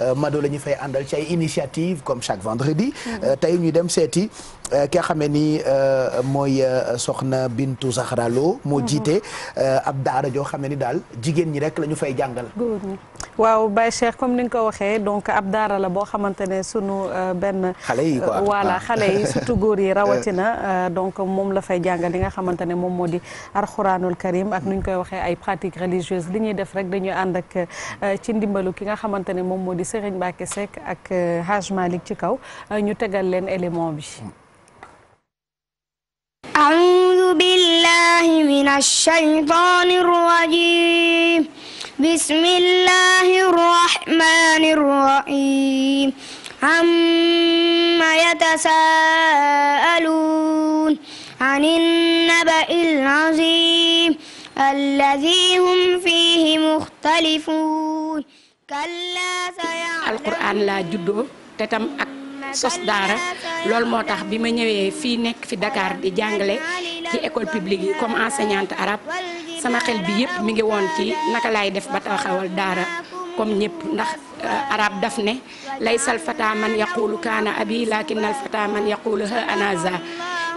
Euh, Mado la ñu fay àndal ci ay initiative comme chaque vendredi euh, tey ñu dem seeti euh, ki nga xamee ni mooy soxna Bintu Zahra Lo moo mhm. jiite ab daara joo xamee ni daal jigéen ñi rek lañu ñu fay jàngal waaw ba Cheikh comme ni nga koy waxee donc ab daara la boo xamante ne sunu benn xale yi quoi voilà ah. xale yi surtout góor yi rawatina donc moom la fay jàngal li nga xamante ne moom moo di alxuraanul karim ak nuñ koy waxee ay pratiques religieuses li ñuy def rek dañuy ànd ak ci ndimbalu ki nga xamante di Serigne Mbacké Seck ak Hadj Malick ci kaw ñu tegal leen élément bi أعوذ بالله من الشيطان الرجيم بسم الله الرحمن الرحيم عما يتساءلون عن النبأ العظيم الذي هم فيه مختلفون alquran laa juddoo te tam ak sos daara loolu moo tax bi ma ñëwee fii nekk fi Dakar di jàngale ci école publique yi comme enseignante arabe sama xel bi yëpp mi ngi woon ci naka lay def ba taxawal daara comme ñëpp ndax euh, arabe daf ne laysal fata man yaqulu kaana abi lakin al fata man yaqulu ha anaza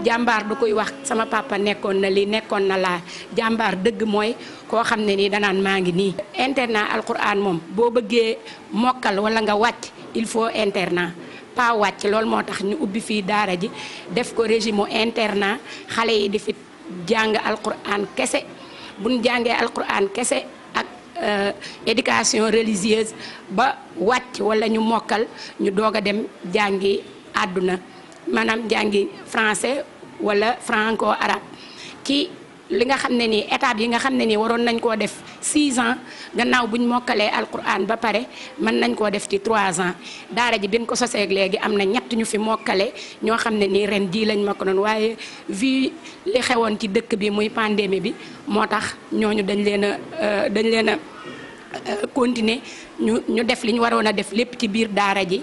jàmbaar du koy wax sama papa nekkoon na li nekkoon na laa jàmbaar dëgg mooy koo xam ne nii danaan maa ngi nii. internat alquran moom boo bëggee mokkal wala nga wàcc il faut internat pas wàcc loolu moo tax ñu ubbi fii daara ji def ko régime internat xale yi di fi jàng alquran kese bu jàngee jàngee alquran kese. Euh, éducation religieuse ba wàcc walla ñu mokkal ñu doog a dem jàngi àdduna maanaam jàngi francais wala franco arabe ci li nga xam ne nii étape yi nga xam ne nii waroon nañ koo def 6 ans gannaaw buñ mokkalee alquran ba pare mën nañ koo def ci 3 ans daara ji benn ko soseeg léegi am na ñett ñu fi mokkale ñoo xam ne nii ren jii lañ mokk noonu waaye vu li xewoon ci dëkk bi muy pandémie bi moo tax ñooñu dañ leen a euh, dañ leen a euh, continuer ñu ñu def li ñu waroon a def lépp ci biir daara ji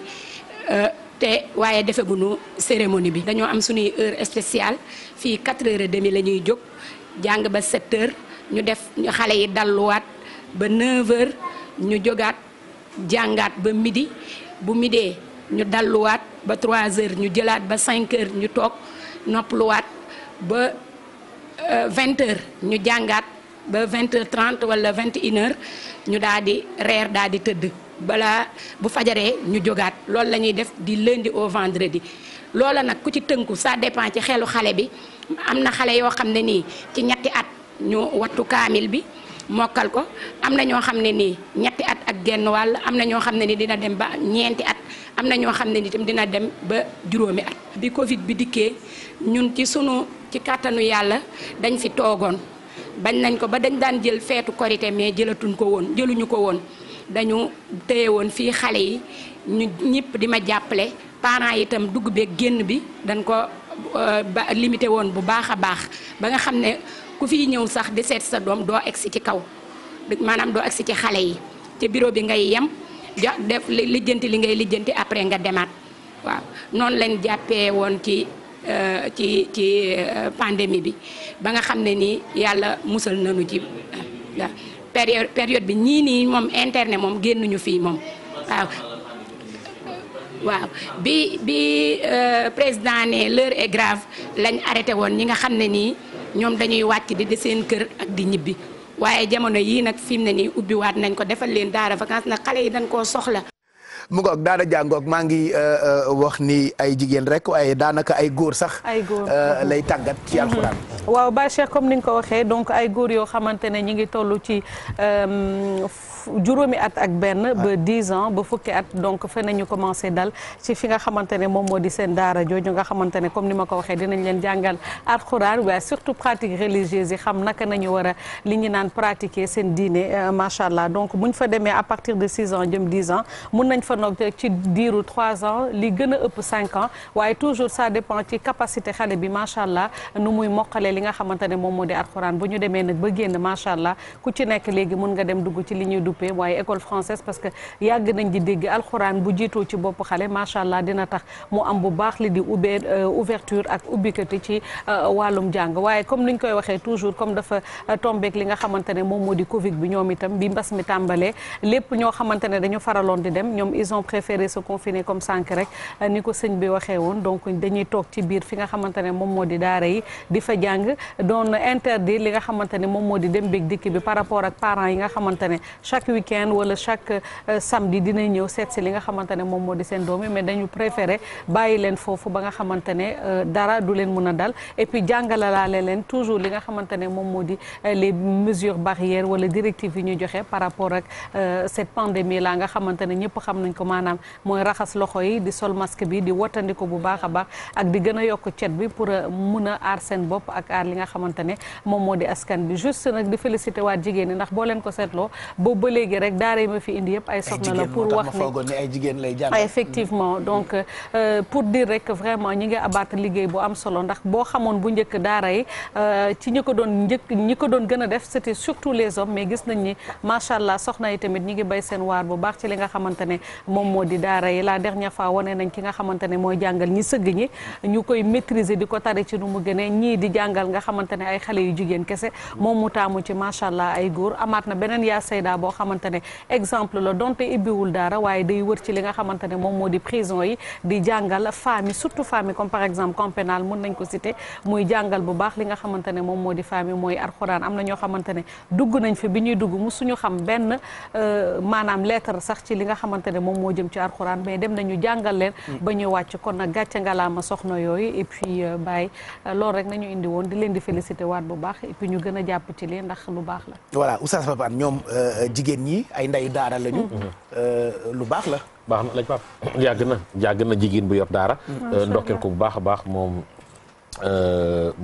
euh, te waaye defeguñu cérémonie bi dañoo am suñuy heure spéciale fii 4 heures et demie la ñuy jóg jàng ba 7 ñu def ñu xale yi dalluwaat ba 9 ñu jógaat jàngaat ba midi bu midee ñu dalluwaat ba 3 heures ñu jëlaat ba 5 ñu toog noppaluwaat ba 20 euh, heures ñu jàngaat ba 20 heures wala 21 heures ñu daal di reer daal di tëdd. balaa bu fajaree ñu jógaat loolu lañuy def di lundi au vendredi loola nag ku ci tënku ça dépend ci xelu xale bi am na xale yoo xam ne nii ci ñetti at ñu wattu kaamil bi mokkal ko am na ñoo xam ne nii ñetti at ak genn wàll am na ñoo xam ne ni dina dem ba ñeenti at am na ñoo xam ne ni itam dina dem ba juróomi at. bi Covid bi dikkee ñun ci sunu ci kàttanu yàlla dañ fi toogoon bañ nañ ko ba dañ daan jël feetu korité mais jëlatuñ ko woon jëluñu ko woon. dañu téye woon fii xale yi ñu ñëpp di ma jàppale parents itam dugg beeg génn bi dañ ko euh, ba limité woon bu baax a baax ba nga xam ne ku fi ñëw sax di seet sa doom doo egsi ci kaw maanaam doo egsi ci xale yi ci bureau bi ngay yem def def lijjanti li ngay lijjanti après nga demaat waaw noonu lañ jàppee woon ci euh, ci ci euh, pandémie bi ba nga xam ne nii yàlla musal nanu ci période période bi ñii nii moom internet moom ñu fii moom waaw waaw bi bi euh, président ne leur egrave lañ arrêté woon ñi nga xam ne nii ñoom dañuy wàcc di de seen kër ak di ñibbi waaye jamono yii nag fi mu ne nii waat nañ ko defal leen daara vacances nag xale yi dañ koo soxla mu ngoog daana jàngoog maa ngi euh, euh, wax ni ay jigéen rek waaye daanaka ay góor sax. ay góor euh, lay tàggat ci alxuraan. Mhm. waaw ba Cheikh comme ni nga ko waxee donc ay góor yoo xamante ne ñu ngi toll ci. juróomi at ak benn ah. ba dix ans ba fukki at donc fa ñu commencé dal ci fi nga xamante ne moom moo di seen daara jooju nga xamante ne comme ni ma ko waxee dinañ leen jàngal alxuraan waaye surtout pratique religieuse yi xam naka nañu war a li ñu naan pratiquer seen diine macha allah donc buñ fa demee à partir de six ans jëm dix jokkonoog ci diiru 3 ans li gën a ëpp 5 ans waaye toujours sa dépend ci capacité xale bi macha allah nu muy moqalee li nga xamante ne moom moo di alxuraan bu ñu demee nag ba génn macha allah ku ci nekk léegi mun nga dem dugg ci li ñuy duppee waaye école française parce que yàgg nañ di dégg alxuraan bu jiitoo ci bopp xale macha allah dina tax mu am bu baax li di ubbee euh, ouverture ak ubbikati ci euh, wàllum jàng waaye comme niñ koy waxee toujours comme dafa euh, tombeek li nga xamante ne moo di Covid bi ñoom itam bi mbas mi tàmbalee lépp ñoo xamante ne dañu faraloon di dem ñoom ils ont préféré se confiner comme sànq rek euh, ni ko sëñ bi waxee donc dañuy toog ci biir fi nga xamante ne di daara di fa jàng li nga xamante ne moom moo di dem beeg dikk bi par rapport ak parents yi nga xamante ne chaque week-end wala chaque euh, samedi li nga xamante ne moom moo di seen doom yi mais dañu préféré bàyyi leen foofu ba nga xamante ne euh, dara du leen mën a dal et puis jàngalalaale leen toujours li nga xamante ne moom moo di les mesures barrières wala directives yi ñu joxe par rapport ak cette pandémie la nga xamante ne xam nañ ko maanaam mooy raxas loxo yi di sol masque bi di wottandiku bu baax a baax ak di gën a yokk cet bi pour a euh, a aar seen bopp ak aar li nga xamante ne moom moo di askan bi juste nag di félicité waat jigéen ñi ndax boo leen ko seetloo boobu ba léegi rek daara yi ma fi indi yëpp ay soxna la pour wax ne ay jigéen lay jàng effectivement mm. donc euh, pour dire rek vraiment ñi ngi abattre liggéey bu am solo ndax boo xamoon bu njëkk daara yi euh, ci ñi ko doon njëkk ñi ko doon gën a def c'était surtout les hommes mais gis nañ ni macha allah soxna yi tamit ñi ngi bay seen waar bu baax ci li nga xamante ne moom moo di daara yi la dernière fois wane nañ ki nga xamante ne mooy jàngal ñi sëgg ñu koy maîtriser di ko tare ci nu mu gënee ñii di jàngal nga xamante ne ay xale yu jigéen kese moom mu taamu ci macha allah ay góor amaat na beneen yaa sayda boo xamante ne exemple la donte ibbiwul daara waaye day wër ci li nga xamante ne moom moo di prison yi di jàngal famille surtout famille comme par exemple camp pénal mun nañ ko citer muy jàngal bu baax li nga xamante ne moom moo di famille mooy alxuraan am na ñoo xamante ne dugg nañ fi bi ñuy dugg mu suñu xam benn euh, maanaam lettre sax ci li nga xamante ne moom moom moo jëm ci alxuraan mais dem nañu jàngal leen mm. ba ñu wàcc kon nag gàcce ngalaama soxna yooyu et euh, baay bàyyi euh, loolu rek nañu indi woon di leen di félicité waat bu baax et ñu gën a jàpp ci lii ndax lu baax la voilà oustaz Pape ñoom euh, jigéen ñi ay ndeyu daara lañu mm. mm-hmm. lu baax la baax na lañ Pape yàgg na yàgg na jigéen bu yor daara mm. ndokkeel ko bu baax a baax moom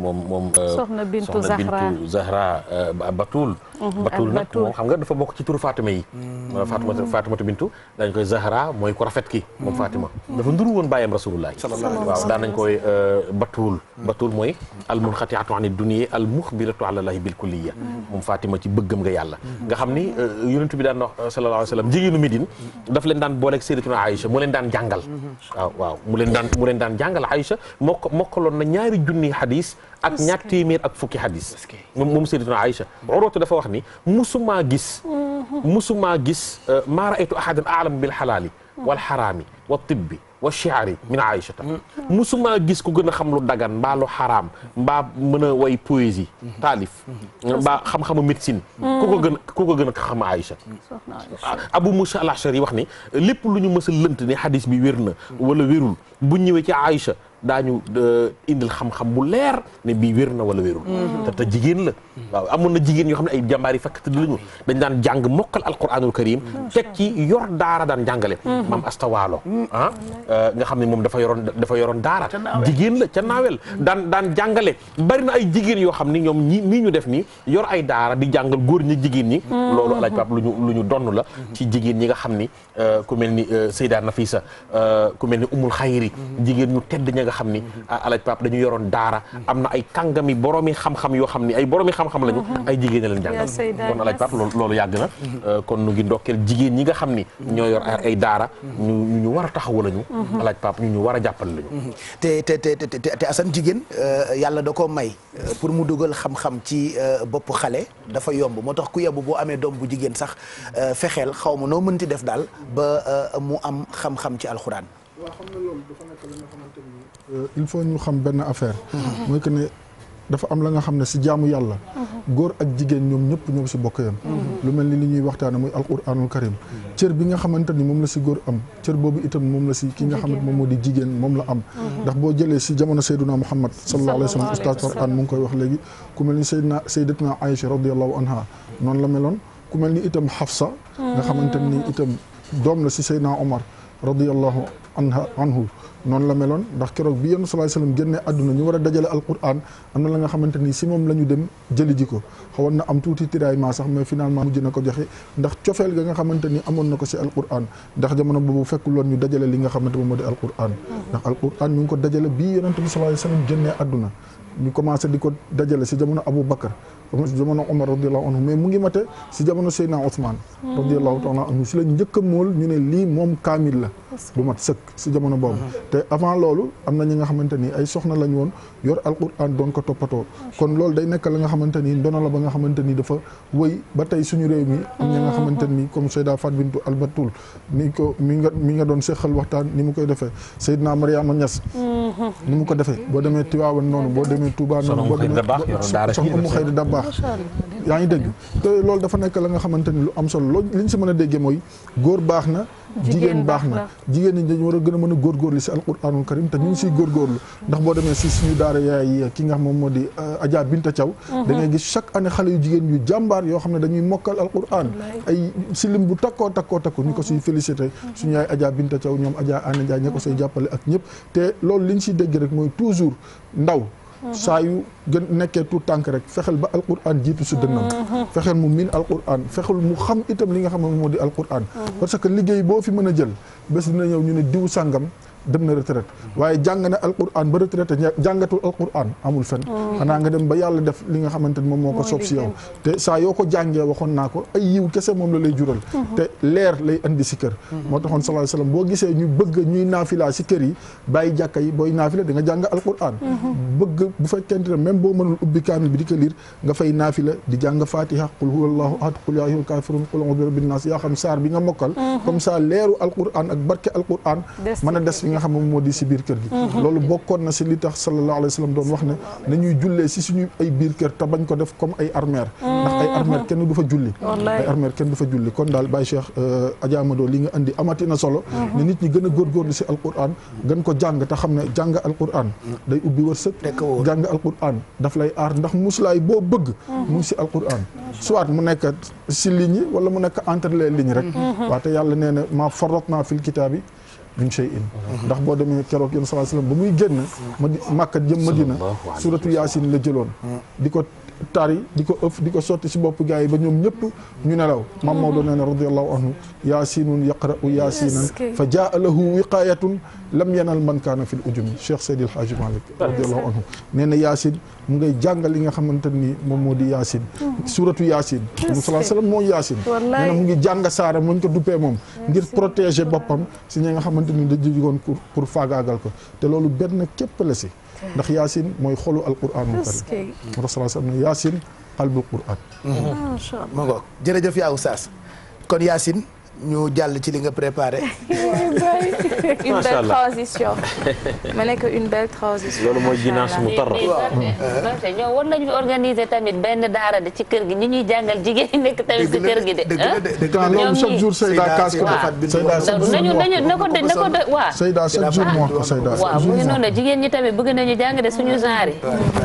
moom moom soxna Bintu Zahra Batul Mhm. batul nag moom xam nga dafa bokk ci turu Fatima yi mm. Fatima Bintu dañ koy Zahra mooy ku rafet ki moom mm. Fatima mm. dafa nduru woon bàyyam rasulullah waaw daan koy euh, batul mooy almunxatiatu ani dunia al muxbiratu bil kulliya moom Fatima ci bëggam nga yàlla nga xam ni euh, yonent bi daan wax euh, sallallahu alayhi wa a jigéenu Médine daf leen daan booleeg Sayyidatuna Aïcha mu leen daan jàngal mm-hmm. waaw waaw mu leen daan mu leen daan jàngal Aïcha mokk mokkaloon na ñaari junni hadis ak ñaar téeméer ak fukki hadis moom moom sayyidatuna Aïcha urwatu dafa wax ni musumaa gis mhm. musumaa gis euh, maa raaytu ahadan aalam bil xalaali mhm. wal xaraami wa tibbi wa chiari min aïchata mhm. musumaa gis ku gën a xam lu dagan mbaa lu xaraam mbaa mën a way poésie taalif euh, mbaa xam-xamu médecine ku ko gën ku ko gën a xam aïcha ah, abou moussa al ashari yi wax ni lépp lu ñu mës a lënt ne hadis bi wér na wala wérul bu ñëwee ci aïcha daañu euh, indil xam-xam bu leer ne bii wér na wala wérul mhm. te te jigéen la waaw amoon na jigéen yoo xam ne ay jàmbaar yi fakk tëdd mhm. lañu daan jàng mokkal alquranul karim mhm. teg ci yor daara daan jàngale maam ah, euh, nga xam ne moom dafa yoroon dafa yoroon daara jigéen la ca naawel daan daan jàngale bari na ay jigéen yoo xam ni ñoom ñi nii ñu def nii yor ay daara di jàngal góor ñi jigéen ñi loolu alaaj pap lu ñu lu ñu donn la ci jigéen ñi nga xam ni euh, ku mel ni Seyda Nafisa ku mel ni Umul Xayri jigéen ñu tedd ña nga xam ni ah, alaj pap dañu yoroon daara am na ay kàngami boroomi xam-xam yoo xam ni ay boroomi xam-xam lañu uh-huh. ay jigéen a leen jàngal kon alaj pap loolu yàgg na uh-huh. euh, kon nu ngi ndokkeel jigéen ñi nga xam ni uh-huh. ñoo yor ay daara ñu ñu war a taxawu lañu alaj pap ñu ñu war a jàppal lañu te te te te Assane jigéen euh, yàlla da ko may euh, pour mu dugal xam-xam ci bopp xale dafa yomb moo tax ku yebu boo amee doom bu jigéen sax fexeel xaw ma noo mënti def daal ba mu am xam-xam ci alxuraan waaw xam na loolu dafa nekk la nga xamante ni. Euh, ñu xam benn affaire. Hmm. mooy que ne dafa am la nga xam ne si jaamu yàlla. Hmm. góor ak jigéen ñoom ñëpp ñoom si bokk yam hmm. lu mel ni li ñuy waxtaane muy alquranul karim cër bi nga xamante ni moom la si góor am cër boobu itam moom la si ki nga xamante moom moo di jigéen moom la am ndax boo jëlee si jamono sayduna muhammad sallallahu alayhi wa sallam ustaz Quran mu ngi koy wax léegi ku mel ni saydna saydatna aïcha radiallahu anha noonu la meloon ku mel ni itam xafsa nga xamante ni itam doom la si saydna omar radiallahu anhu noonu la meloon ndax keroog bi yenn sallallahu alayhi wasallam génne àdduna ñu war a dajale alquran am na la nga xamante ni si moom la ñu dem jëli ji ko xawoon na am tuuti tiraillement sax mais finalement mujj na ko joxe ndax cofeel ga nga xamante ni amoon na ko si al alquran ndax jamono boobu fekkul woon ñu dajale li nga xamante moom moo di alquran ndax alquran ñu ngi ko dajale bii yonent bi sallallahu alayhi wasallam génne àdduna ñu commencé di ko dajale si jamono Abu Bakar jamono Omar radiallahu anhu mais mu ngi mate si jamono Seydina Ousmane hmm. radiallahu taala anhu si lañ njëkk a mool ñu ne lii moom kaamil la bu mat sëkk si jamono boobu uh-huh. te avant loolu am na ñi nga xamante ni ay soxna lañ woon yor alquran doon ko toppatoo kon loolu day nekk la nga xamante ni ndono ba nga xamante ni dafa wëy ba tey suñu réew mi am ñi nga uh-huh. xamante ni comme Seyda Fatou Bintou Albatul ni ko mi nga mi nga doon seqal waxtaan ni mu koy defee Seydina Mariama Niass uh-huh. ni mu ko defee boo demee Tiwaawan noonu boo demee Touba noonu boo demee soxna mu xëy da baax yaa ngi dégg te loolu dafa nekk la nga xamante ni lu am solo loolu liñ si mën a déggee mooy góor baax jigéen baax na jigéen ñi dañu war a gën a mën a góorgóorlu si alquranul karim te ñu ngi siy mm. góorgóorlu ndax boo demee si suñu daara yaay ki nga xam moom moo di euh, Adja Binta Thiaw mm-hmm. da ngay gis chaque année xale yu jigéen yu jàmbaar yoo xam ne dañuy mokkal alquran ay si lim bu takkoo takkoo takko ñu ko siy mm-hmm. félicité mm-hmm. suñu yaay Adja Binta Thiaw ñoom Adja Anna Ndiaye ña ko say jàppale ak ñëpp te loolu liñ si dégg rek mooy toujours ndaw saa yu gën nekkee tout tànk rek fexeel ba alquran jiitu si dënnam fexeel mu miin alquran fexeel mu xam itam li nga xam ne moo di alquran parce que liggéey boo fi mën a jël bés dina ñëw ñu ne diw sàngam dem na retraite waaye jàng na alquran ba retraite jàngatul alquran amul fen oh. xanaa nga dem ba yàlla def li nga xamante ni moom moo ko soob si yow te saa yoo ko jàngee waxoon naa ko ay yiw kese moom la lay jural mm-hmm. te leer lay andi si kër mm-hmm. moo taxoon sallallahu alayhi wasallam boo gisee ñu bëgg ñuy naafila si kër yi bàyyi jàkka yi booy naafila di nga jàng alquran mm-hmm. bëgg bu fekkente ne même boo mënul ubbi kaamil bi di ko liir nga fay naafila di jàng fatiha qul huwallahu ahad qul yaa ayyuhal kaafiruun qul saar bi nga mokkal comme ça leeru alquran ak barke alquran mën a des nga xam ne moom moo di si biir kër gi mhm. loolu bokkoon na si li tax sallallahu alayhi wa sallam doon wax ne ñuy jullee si suñu ay biir kër te bañ ko def comme ay armeer ndax ay armeer mhm. kenn du fa julli ay armeer kenn du fa julli kon daal Baye Cheikh euh, Adja Amado li nga indi amati na solo mhm. ne nit ñi gën a góorgóorlu si al alquran gën ko jàng te xam ne jàng alquran day ubbi wërsëg jàng al alquran daf lay aar ndax muslaay boo bëgg mu ngi si alquran soit mu nekk si ligne yi wala mu nekk entre les lignes rek waate yàlla nee na maa farrat naa fil kitaabi min shay in ndax boo demee keroog yéen sallallahu alayhi wasallam ba muy génn ma màkka jëm madina suratu yaasin la jëloon di ko tari di ko ëf di ko sotti si bopp gars yi ba ñoom ñëpp ñu nelaw mam Maodo mhm. nee na radiallahu anhu yaasinun yaqra'u yaasinan fa jaa lahu wiqayatun lam yanal man kaana fi l ujumi Cheikh Seydi El Hadji Malick radiallahu anhu nee na mu ngay jàngal li nga xamante ni moom moo di yaasin mhm. suratu yaasin mu salaa sallam mooy yaasin nee na mu ngi jàng saara muñ ko duppee moom ngir protéger boppam si ñi nga xamante ni da jógoon pour faagaagal ko te loolu benn képp la si ndax yaasin mooy xolu alquranul karim moo tax sallallahu alayhi wa sallam yaasin qalbul quran mm-hmm. ah, ma ngoog jërëjëf yaa oustaz kon yaasin ñu jàll ci li nga préparé. une belle transition. ma nekk une belle transition. loolu mooy ginaas mu tar. waaw war nañu organiser tamit benn daara de ci kër gi ñi ñuy jàngal jigéen ñi nekk tamit ci kër gi de. dëgg la ah? loolu chaque jour Seyda kaas ko defat bi. nañu nañu na ko na ko waaw. Seyda chaque jour moo mu ngi noonu jigéen ñi tamit bëgg nañu jàng de suñu genre.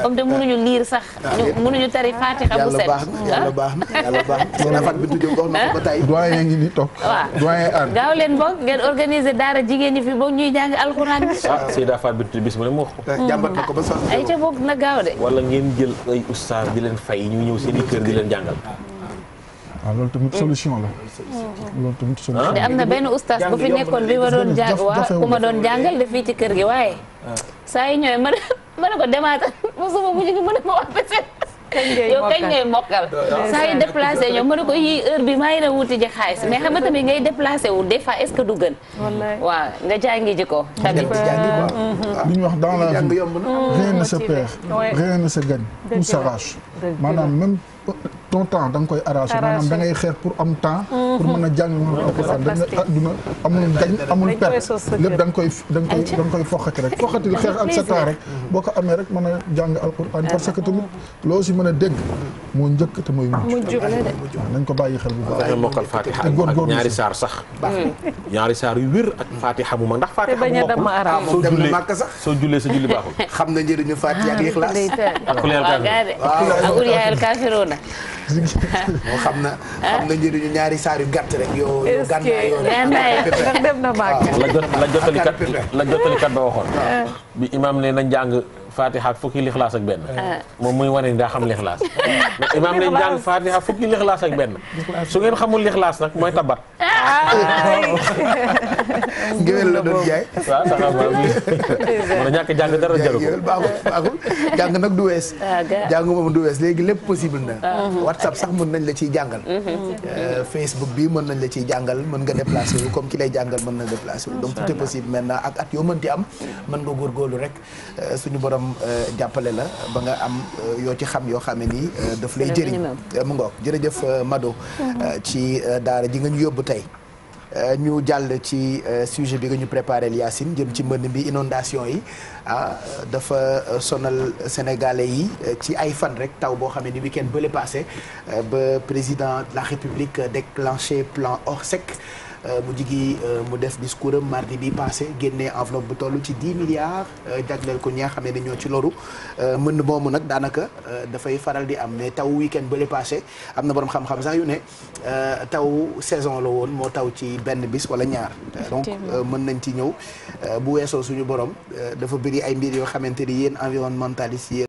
comme de mënuñu liir sax. ñu mënuñu tari Fatiha bu set. yàlla ah? baax na yàlla baax na yàlla baax na. seen afat bi tudd wax na ko ba tey. doyen ngi ni toog waaw doyen Anne gaaw leen boog ngeen organiser daara jigéen ñi fi ba ñuy jàng alxuraan bi. ah Seyda ko. Eh, jàmbat na ko ay ca boog na gaaw de. wala ngeen jël ay ustaas di leen fay ñu ñëw seen i kër di leen jàngal. waaw ah, loolu tamit mm. solution la. loolu tamit solution am na benn ustaas bu fi nekkoon bi ma doon jàng ma doon jàngal de fii ci kër gi waaye. Ah. saa yu ñëwee ma ne ma ne ko demaatal mosuma bu ñu mën a ma wax yow kañ ngay mokkal saa yu déplacé ñoom mën na ko heure bi maa ngi na wuti ji xaalis mais xam nga ngay déplacé wu des fois est-ce que du gën waaw nga jàngi ji ko tamit mm-hmm. li ñu wax dans la vie rien ne sa perd rien ne se gagne ou s'arrache maanaam même ton temps da nga koy arraché maanaam da xeex pour am temps mm. pour mën a jàng noonu alxuraan dañ ne àdduna ah, amul gañ amul per lépp dañ koy dañ koy dañ koy foxati rek foxati xeex ak sa temps rek mm-hmm. boo ko amee rek mën a jàng alxuraan ah, parce que tamit loo si mën a dégg moo njëkk te mooy mujj nañ ko bàyyi xel bu baax mokkal fatiha ak ñaari saar sax mm. ñaari saar yu wér ak fatiha mu mag ndax fatiha soo jullee màkk sax soo jullee sa julli baaxul xam na njëriñu fatiha ak ixlaas ak kuleyal kaafiruuna moo xam na xam na njëriñu ñaari saar yu gàtt rek yoo yoo gànnaa yoo dem na màkk la jotalikat la jotalikat ba waxoon ah. bi imaam ne na njàng fatiha ak fukki lixlaas ak benn ah. moom muy wane ni daa xam lixlaas mais imaam lañ jàng fatiha fukki lixlaas ak benn su ngeen xamul lixlaas nag mooy tabat géwél la doon jaay waaw saxam a ñàkk jàng dara jaru baaxul jàng nag du wees ah, jàng moom du wees léegi lépp possible na ah. mm-hmm. whatsapp sax mën nañ la ciy jàngal mm-hmm. euh, facebook bi mën nañ la ciy jàngal mën nga déplacé wu comme ki lay jàngal mën na déplacé wu donc tout est possible maintenant ak at yoo mënti am mën nga góorgóorlu rek euh, suñu borom moom euh, jàppale la ba nga am euh, yoo ci xam yoo xam ne nii euh, daf lay jëriñ mu ngoog jërëjëf Mado mhm. ci daara ji nga ñu yóbbu tey ñu jàll ci sujet bi nga ñu préparé Yacine jëm ci mbënn bi inondation yi ah dafa sonal sénégalais yi ci ay fan rek taw boo xam ne ni week-end bële passé ba président de la république déclenché plan Orsec Euh, mu jigi euh, mu def discours am mardi bi passé génnee enveloppe bu tollu ci 10 milliards euh, jagleel ko ñi nga xam ne ñoo ci loru mën boobu nag daanaka dafay faral di am mais taw week-end bële passé am na boroom xam-xam sax yu ne taw saison la woon moo taw ci benn bis wala ñaar donc mën nañ ci ñëw bu weesoo suñu borom dafa bëri ay mbir yoo xamante ni yéen environnementaliste